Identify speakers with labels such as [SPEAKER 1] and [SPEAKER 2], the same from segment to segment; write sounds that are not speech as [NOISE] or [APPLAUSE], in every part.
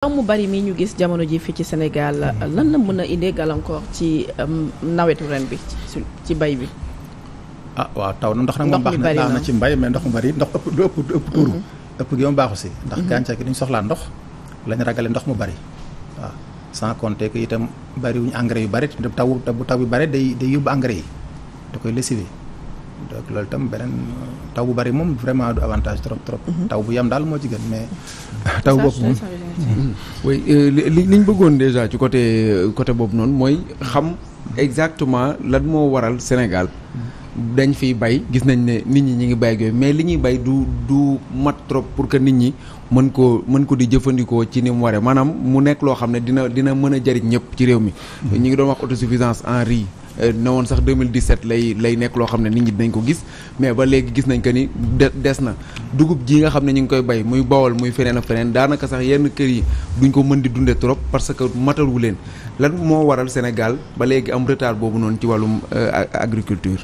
[SPEAKER 1] taw mu bari mi ñu gis jamono ji fii ci Sénégal lan la mën a indee gàllankoor ci um, nawetu ren bi ci bay bi.
[SPEAKER 2] ah waaw taw na ndox nag moom baax na baax na ci mbay mais ndox mu bari ndox ëpp du ëpp tuuru. Mm-hmm. ëpp gi moom baaxu si. ndax mm-hmm. gàncax gi duñ soxlaa ndox lañ ragale ndox mu bari waaw sans compter que itam bariwuñu engrais yu bari te taw bu taw bi bari day day yóbbu engrais yi da koy lessiver. donc loolu beneen euh, taw bu bari moom vraiment du avantage trop trop. Mhm. taw bu yam daal moo ci gën mais. taw bopp moom mhm.
[SPEAKER 3] oui euh, li ñu bëggoon déjà ci côté euh, côté boobu noonu mooy xam exactement lan moo waral Sénégal. dañ fiy bay gis nañ ne nit ñi ñi ngi bay ak yooyu mais li ñuy bay du du mat trop pour que nit ñi mën koo mën ko di jëfandikoo ci ni mu waree manaam mu nekk loo xam ne dina dina mën a jariñ ñëpp ci réew mi. Mhm. ñu ngi doon wax autosuffisance en riz. Euh, ne mille sax 2017 lay lay nekk loo xam ne nit ñi dañ ko gis mais ba léegi gis nañ que ni de des na dugub ji nga xam ne ñu ngi koy bay muy bawol muy feneen a feneen daanaka sax yenn kër yi duñ ko mën di dundee trop parce que matal wu leen lan moo waral Sénégal ba léegi am retard boobu noonu ci wàllum euh, agriculture.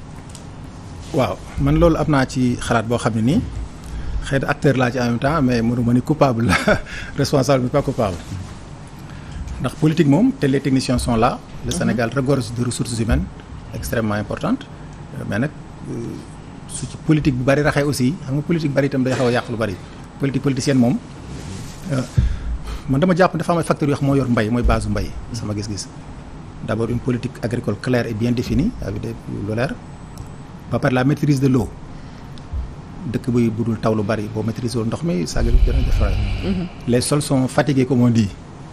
[SPEAKER 2] waaw man loolu am naa ci xalaat boo xam ne nii xëy na acteur laa ci en même temps mais mënu ma ni coupable la [LAUGHS] responsable bi pas coupable. ndax politique moom te les techniciens sont là. le mhm. Sénégal regorge de ressources humaines extrêmement importantes mais nag euh, su ci politique bu bari raxee aussi xam nga politique bari tam day xaw a yàq lu bari politique politicienne moom euh, man dama jàpp dafa am ay yoo xam moo yor mbay mooy base mbay sama gis-gis d'abord une politique agricole claire et bien définie avec des lu leer ba par la maîtrise de l'eau dëkk buy dul taw lu bari boo maîtriser ndox mi sa agriculture dana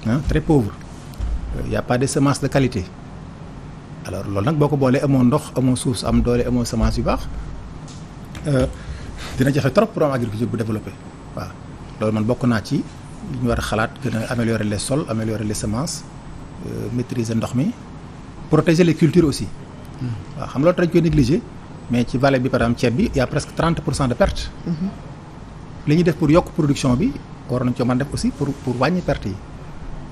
[SPEAKER 2] ah très pauvre il euh, y pas de semence de qualité alors loolu nag boo ko boolee amoo ndox amoo suuf am doole amoo semence yu baax euh, dina jafe trop pour am agriculture bu développé waaw loolu man bokk naa ci li ñu war a xalaat gën a améliorer les sol améliorer les semence euh, maîtriser ndox mi protéger les culture aussi
[SPEAKER 3] mm-hmm.
[SPEAKER 2] waaw xam loolu dañ koy négliger mais ci vallée bi par exemple ceeb bi y a presque 30 pour cent de perte mm-hmm. li ñu def pour yokk production bi war nañ ko mën def aussi pour pour wàññi perte yi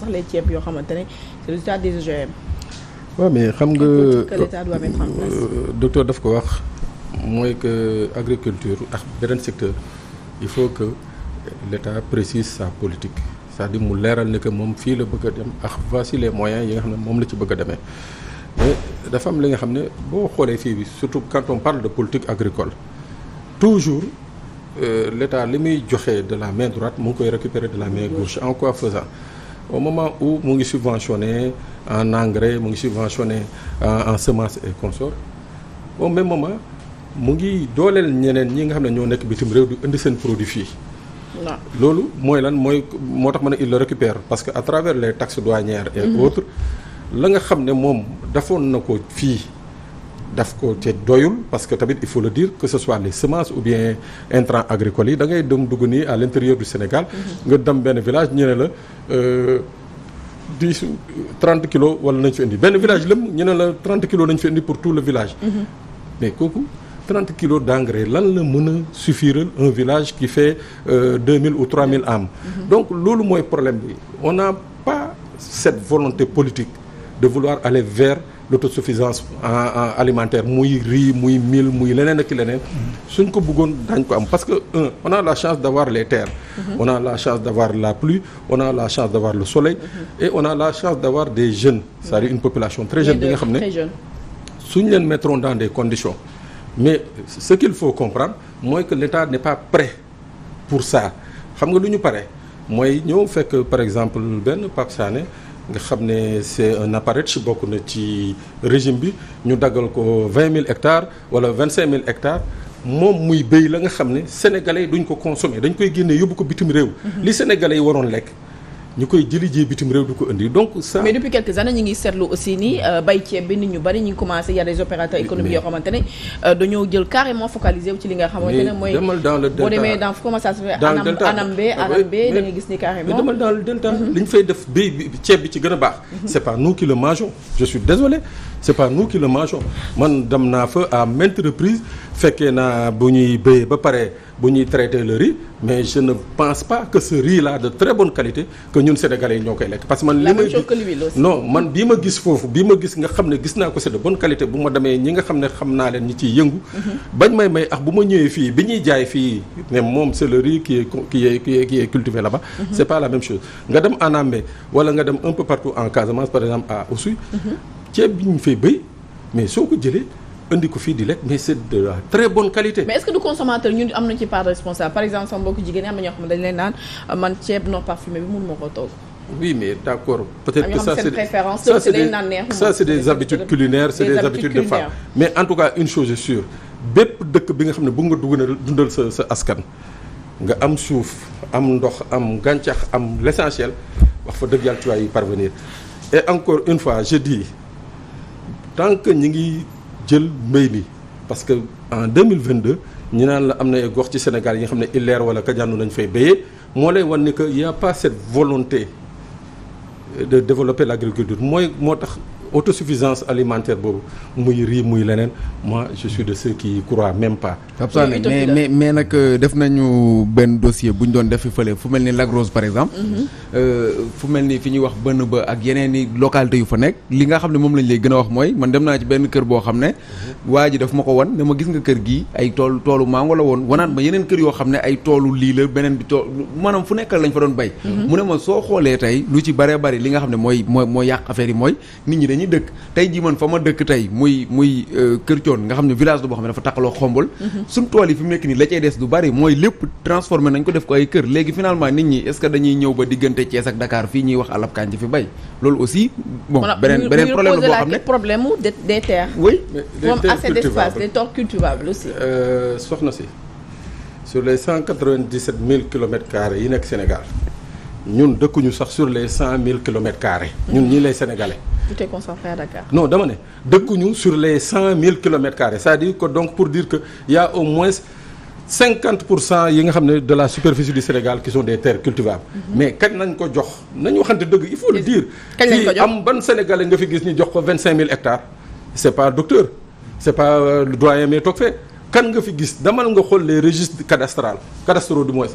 [SPEAKER 1] sax les ceeb yoo xamante ne c'est le
[SPEAKER 4] e mais xam nga l'État doit euh, euh, daf ko wax mooy que agriculture ak beneen secteur il faut que l'État précise sa politique cest à mu leeral ne que moom fii la bëgg a dem ak voici les moyens yi nga xam ne moom la ci bëgg a demee mais dafa am li nga xam ne boo xoolee fii bi surtout quand on parle de politique agricole toujours euh, l'État li muy joxe de la main droite mu ngi koy récupérer de la main gauche en quoi faisant au moment u mu ngi subventionné en engrais mu ngi subventionné euh, en, en semence et consort au même moment mu ngi dooleel ñeneen ñi nga xam ne ñoo nekk bitim réew di indi seen produit fii loolu mooy lan mooy moo tax ma ne il le parce que à travers les taxes douanières et mhm. autres la nga xam ne moom defoon na ko fii daf ko te doyul parce que tamit il faut le dire que ce soit les semences ou bien intrants agricoles yi da ngay dem dugg nii à l'intérieur du Sénégal mhm. nga dem benn village ñu ne la euh, dix trente kilos wala nañ fi indi benn village lëm ñu ne la trente kilos nañ fi indi pour tout le village mhm. mais kooku 30 kilos d'engrais lan la mën a suffire un village qui fait euh, deux 2000 ou 3000 mille am mhm. donc loolu mooy problème bi on n'a pas cette volonté politique de vouloir aller vers l'autosuffisance en euh, euh, alimentaire muy riz muy mil muy leneen ak leneen suñ ko bëggoon daañ ko am parce que un on a la chance d'avoir les terres mhm. on a la chance d'avoir la pluie on a la chance d'avoir le soleil mhm. et on a la chance d'avoir des jeunes c'est-à-dire une population très jeune bi nga xam ne suñ leen mettront dans des conditions mais ce qu'il faut comprendre mooy que l'État n'est pas prêt pour ça xam nga lu ñu pare mooy ñëw fekk par exemple benn Pape nga xam ne c'est un appareil bokk na ci régime bi ñu daggal ko vingt mille ectare wala vingt cinq mille hectares moom muy béy la nga xam ne sénégalais duñ ko consommer dañ koy génne yóbbu ko bitim réew. Mhm. li sénégalais yi waroon lekk. ñu koy jëli jee bitim réew di ko indi donc ça. mais
[SPEAKER 1] depuis quelques années ñu ngi seetlu aussi ni euh, bay ceeb bi nit ñu bari ñu ngi commencé y des opérateurs économiques yoo xamante ne euh, dañoo jël carrément focalisé wu ci li nga xamante ne mooy. demal dans le delta ni carrément. mais demal
[SPEAKER 4] dans le delta. Mhm. li ñu fay def bay bi ceeb bi ci gën a baax. Mhm. c' est pas nous qui le je suis désolé c' pas nous qui le man dem naa fa à maintes reprises fekkee naa bu ñuy béyee ba pare. bu ñuy traiter le riz mais je ne pense pas que ce riz là de très bonne qualité que ñun sénégalais yi ñoo koy lekk parce que man li ma non man bii ma gis foofu bii ma gis nga xam ne gis naa ko se de bonne qualité bu ma demee ñi nga xam ne xam naa leen ñi ciy yëngu mhm. bañ may may ax bu ma ñëwee fii bi ñuy jaay fii ne moom c'est le riz qui est qui est qui est qui est cultivé là-bas mhm. c'est pas la même chose nga dem en Anambé wala nga dem un peu partout en Casamance par exemple à Oussouye mhm. ceeb bi ñu fay béy mais soo ko jëlee indi ko fii di lekk mais c'est de la
[SPEAKER 1] très bonne qualité. mais est-ce que du consommateur ñun am nañu ci part responsable par exemple sama mbokku jigéen am na ñoo xam ne dañu leen naan man ceeb non parfumé bi mënuma ko togg.
[SPEAKER 4] oui mais d'accord peut-être que ça c'est
[SPEAKER 1] ça c'est c'est des habitudes culinaires c'est des habitudes de
[SPEAKER 4] mais en une chose est bépp dëkk bi nga xam ne bëgg nga dugg na dundal sa sa askan nga am suuf am ndox am gàncax am l'essentiel wax fa dëgg yàlla tu vas y parvenir et encore une fois je dis tant que jël mbéy mi parce que en deux ñi naan la am na gox ci Sénégal yi nga xam ne illeer wala kajaanu nañu fay bayee moo lay wan ni que y' a pas cette volonté de développer l' agriculture mooy moo tax suffisance alimentaire boobu
[SPEAKER 3] muy riz muy leneen moi je suis de ceux qui croient même pas. mais mais mais nag euh, def nañu benn dossier bu ñu doon def fi fële fu mel ni Lagrose par exemple. Mhm. Euh, fu mel ni fi ñuy wax bënn ba ak yeneen i localité yu fa nekk li nga xam ne moom lañ lay gën a wax mooy man dem naa ci benn kër boo xam ne. Mhm. waa ji daf ma ko won ne ma gis nga kër gi ay tool toolu mango la woon wanaat ma yeneen kër yoo xam ne ay toolu lii la beneen bi tool maanaam fu lañ fa doon bay. Mhm. soo xoolee lu ci baree bari li nga xam ne mooy mooy mooy yàq affaire yi mooy ñu dëkk tey jii man fa ma dëkk tey muy muy euh, Kër Thion nga xam ne village du boo xam ne dafa taqaloo xombol mhm. suñ tool yi fi mu nekk nii la cay des du bari mooy lépp transformé nañ ko def ko ay kër léegi finalement nit ñi est-ce que dañuy ñëw ba diggante Thiès ak Dakar fii ñuy wax alab kanji fi bay loolu aussi bon beneen beneen problème boo xam ne
[SPEAKER 1] problème des terres
[SPEAKER 3] oui moom assez d'espace des
[SPEAKER 1] terres cultivables
[SPEAKER 3] euh, soxna si
[SPEAKER 4] sur les cent quatre vingt dix mille kilomètres carrés yi nekk senegal ñun dëkkuñu sax sur les cent mille kilomètres carrés ñun ñii lay sénégalais
[SPEAKER 1] tu t'es concentré à Dakar.
[SPEAKER 4] non dama ne dëkkuñu sur les cent mille kilomètres carrés sa à dire que donc pour dire que y au moins cinquante pour cent yi nga xam ne de la superficie du Sénégal qui sont des terres cultivables. Mhm. mais kañ nañ ko jox nañu waxante dëgg il faut dire. kañ am ban sénégalais nga fi gis ñu jox ko vingt cinq mille hectares. c'est pas docteur c'est pas euh, le doyen mais toog fee kan nga fi gis demal nga xool les registres cadastrales cadastraux du moins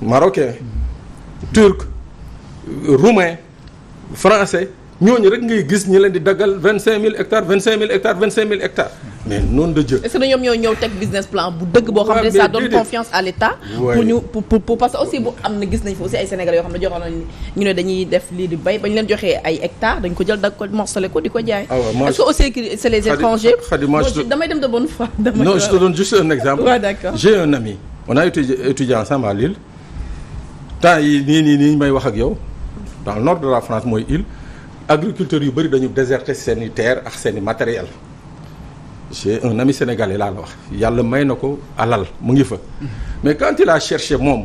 [SPEAKER 4] marocain mhm. turc roumain français. ñooñu rek ngay gis ñi leen di daggal vingt cinq mille hectares vingt cinq mille hectares vingt cinq mille hectares mais noonu de Dieu. di
[SPEAKER 1] ay hectares dañ ko jël ko morcelé ko di ko jaay ah est-ce que aussi c'est les étrangers damay dem de bonne te donne
[SPEAKER 4] juste un exemple waaw d'accord a étudié ensemble à temps yi nii nii nii may wax ak yow dans le nord de la France mooy Lille agriculteurs yu bëri dañu déserté seeni i terre ak seen i matériel j'ai un ami sénégalais laa la wax yàlla may na ko alal mu ngi fa mais quand il a cherché moom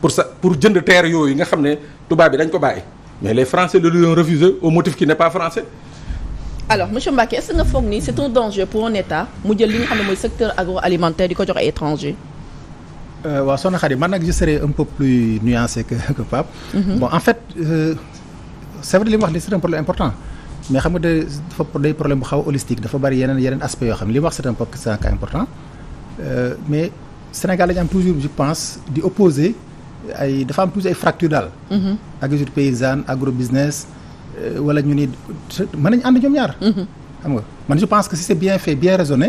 [SPEAKER 4] pour sa pour jënd terre yooyu nga xam ne tubaab bi dañ ko bàyyi mais les français le lui ont refusé au motif qu'il n'est pas français
[SPEAKER 1] alors monsieur Mbacké est-ce que nga foog ni c'est un danger pour un état mu jël li nga xam ne mooy secteur agroalimentaire di ko jox ay étranger
[SPEAKER 2] euh, waaw soxna Khady man nag je serai un peu plus nuancé que c'est vrai li mu wax li c'est un problème important mais xam nga de dafa day problème bu xaw a holistique dafa bari yeneen yeneen aspect yoo xam ne li mu wax c'est un c'est un cas important euh, mais Sénégal dañu am toujours je pense di opposer ay dafa am toujours ay fractures daal. Mhm. agriculture paysanne agro business euh, wala ñu ni mën nañu ànd ñoom ñaar. Mhm. xam nga man je pense que si c'est bien fait bien raisonné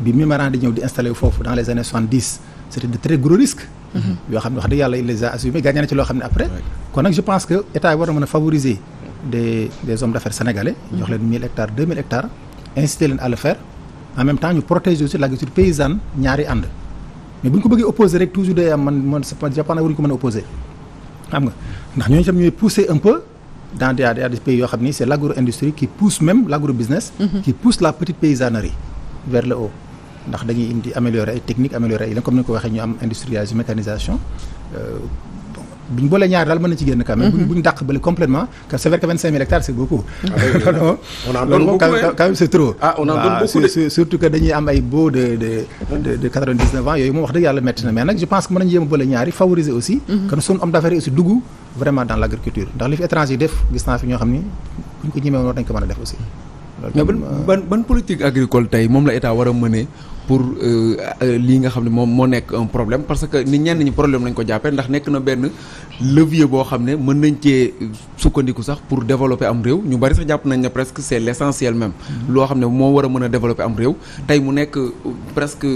[SPEAKER 2] bi Mimran di ñëw di installé foofu dans les années soixante-dix c'était de très gros risques mhm. yoo xam ne wax dëgg yàlla il les a assumés gagné na ci loo xam ne après kon nag je pense que état yi war a favoriser mhm. ñu ko bëggee opposer am nga ndax ñooñu tam ñooy pousser un peu dans des des pays yoo xam ni c'est l'agro-industrie qui pousse même l'agro-business mhm. qui pousse la petite paysannerie vers le haut ndax dañuy indi améliorer ay technique améliorer ay comme ni ko waxee ñu am industrialisation mécanisation euh, bu boolee ñaar daal mën na ci génn quand même. Mm-hmm. bu bële complètement car surtout que dañuy am ay baux de de de 99 ans yooyu moom wax dëgg yàlla métti na mais nag je pense que mën nañu yéem a boole ñaari favoriser aussi. Mm-hmm. que suñu homme aussi dugg vraiment dans l'agriculture ndax li fi étranger def gis fi aussi.
[SPEAKER 3] mais ban ban ban politique agricole tey moom la état war a mënee pour euh, euh, lii nga xam ne moom moo nekk un problème parce que nit ñeen ñi problème lañ ko jàppee ndax nekk na benn levier boo xam ne mën nañ cee sukkandiku sax pour développer am réew ñu bari sax jàpp nañ ne presque c'est l'essentiel même. Mm-hmm. loo xam ne moo war a mën a développer am réew. tey mu nekk euh, presque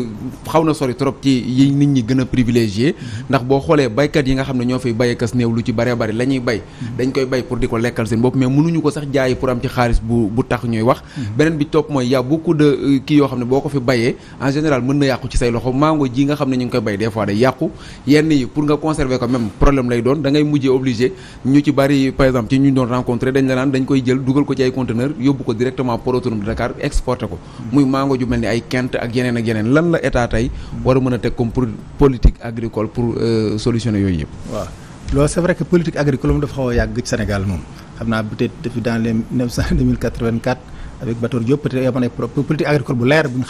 [SPEAKER 3] xaw na sori trop ci yi nit ñi gën a privilégié mm-hmm. ndax boo xoolee baykat yi nga xam ne ñoo fiy bayekas néew lu ci bare bari la ñuy bay. Mm-hmm. dañ koy bay pour di ko lekkal seen bopp mais mënuñu ko sax jaayi pour am ci xaalis bu bu tax ñuy wax. beneen bi topp mooy y kii yoo xam ne boo ko fi bayee en général mën na yàqu ci say loxo mango ji nga xam ne ñu ngi koy bay des fois day yàqu yenn yi pour nga conserver ko même problème lay doon da ngay obligé ñu ci bari par exemple ci ñu doon rencontré dañ la naan dañ koy jël dugal ko ci ay conteneur yóbbu ko directement port autonome de Dakar exporté ko muy mango ju mel ni ay kent pour politique agricole pour euh, solutionner yooyu yëpp waaw
[SPEAKER 2] loolu c'est vrai que politique agricole moom dafa xaw a yàgg ci Sénégal moom xam naa peut-être depuis dans les 1984 avec Bator Diop peut leer bu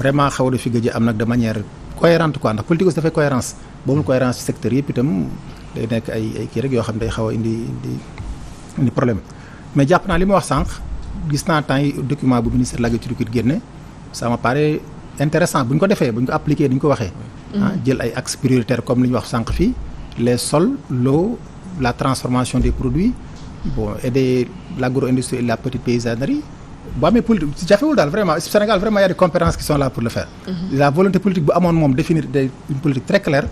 [SPEAKER 2] vraiment xaw na fi gëj am nag de manière cohérente quoi ndax politique aussi dafay cohérence boo amul ci secteur yëpp itam day nekk ay ay kii rek yoo xam ne day xaw a indi indi problème mais jàpp naa li ma wax sànq gis naa temps yi document bu ministère de l'agriculture génne ça me paraît intéressant bu ñu ko defee bu ñu ko appliqué ni ko waxee ah, mm-hmm. jël ay axes prioritaires comme li ñu wax sànq fii les sols l'eau la transformation des produits bon de l'agro-industrie et la petite paysannerie bu amee politique si jafewul daal vraiment Sénégal vraiment y a des compétences qui sont là pour le faire. Mhm. la volonté politique bu amoon moom définir des une politique très claire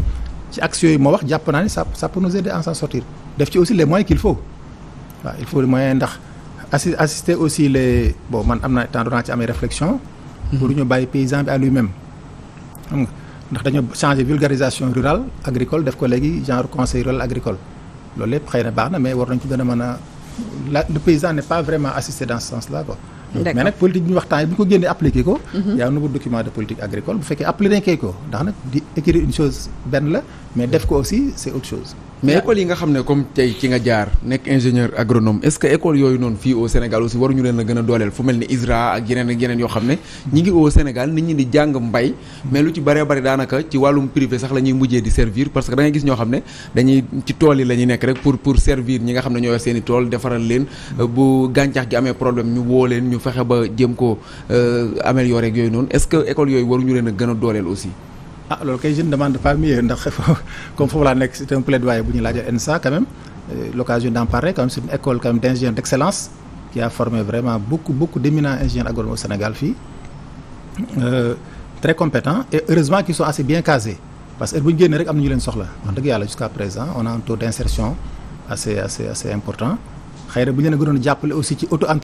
[SPEAKER 2] ci actions yi moo wax jàpp naa ni ça ça peut nous aider à s'en sortir def ci aussi les moyens qu'il faut waaw il faut les moyens ndax assi assister aussi le bon man am na temps doon naa ci amee réflexion. Mhm. pour ñu bàyyi paysan bi à lui-même. ndax dañoo changer vulgarisation rural agricole def ko léegi genre conseil rural loolu lépp xëy na baax na mais war nañ ci gën a mën a la le paysan n'est pas vraiment assisté dans ce mais nag politique bi ñu waxtaan bu ko génnee appliqué ko mhm. y a un nouveau document de politique agricole bu fekkee appliqué ko ndax nag di écrire une chose benn la mais def ko aussi c'est autre chose
[SPEAKER 3] mais école yi nga xam ne comme tey ci nga jaar nekk ingénieur agronome est-ce que école yooyu noonu fii au Sénégal aussi waruñu leen a gën a ni ISRA ak yeneen yoo xam ne ñi ngi au Sénégal nit ñi di jàng mbay mais lu ci baree bari daanaka ci wàllum privé sax la ñuy mujjee di servir parce que da ngay gis xam ne dañuy ci tool yi la ñuy nekk rek pour pour servir ñi xam ne ñoo yor seen i leen mm. gàncax gi amee problème ñu woo leen ñu fexe ba jéem ko euh, améliorer ak noonu est-ce que école waruñu leen a gën a dooleel aussi
[SPEAKER 2] ah loolu kay je ne demande pas mieux ndax comme foofu laa nekk c'est un plaidoyer bu ñu laajee ENSA quand même euh, l'occasion d'en parler quand même une école quand d'excellence qui a formé vraiment beaucoup beaucoup d'éminents ingénieurs agronomes au Sénégal fii euh, très compétents et heureusement qu'ils sont assez bien casés parce que bu ñu génnee rek am na ñu leen soxla wax dëgg yàlla jusqu'à présent on a un taux d'insertion assez assez important xëy bu ñu leen a gënoon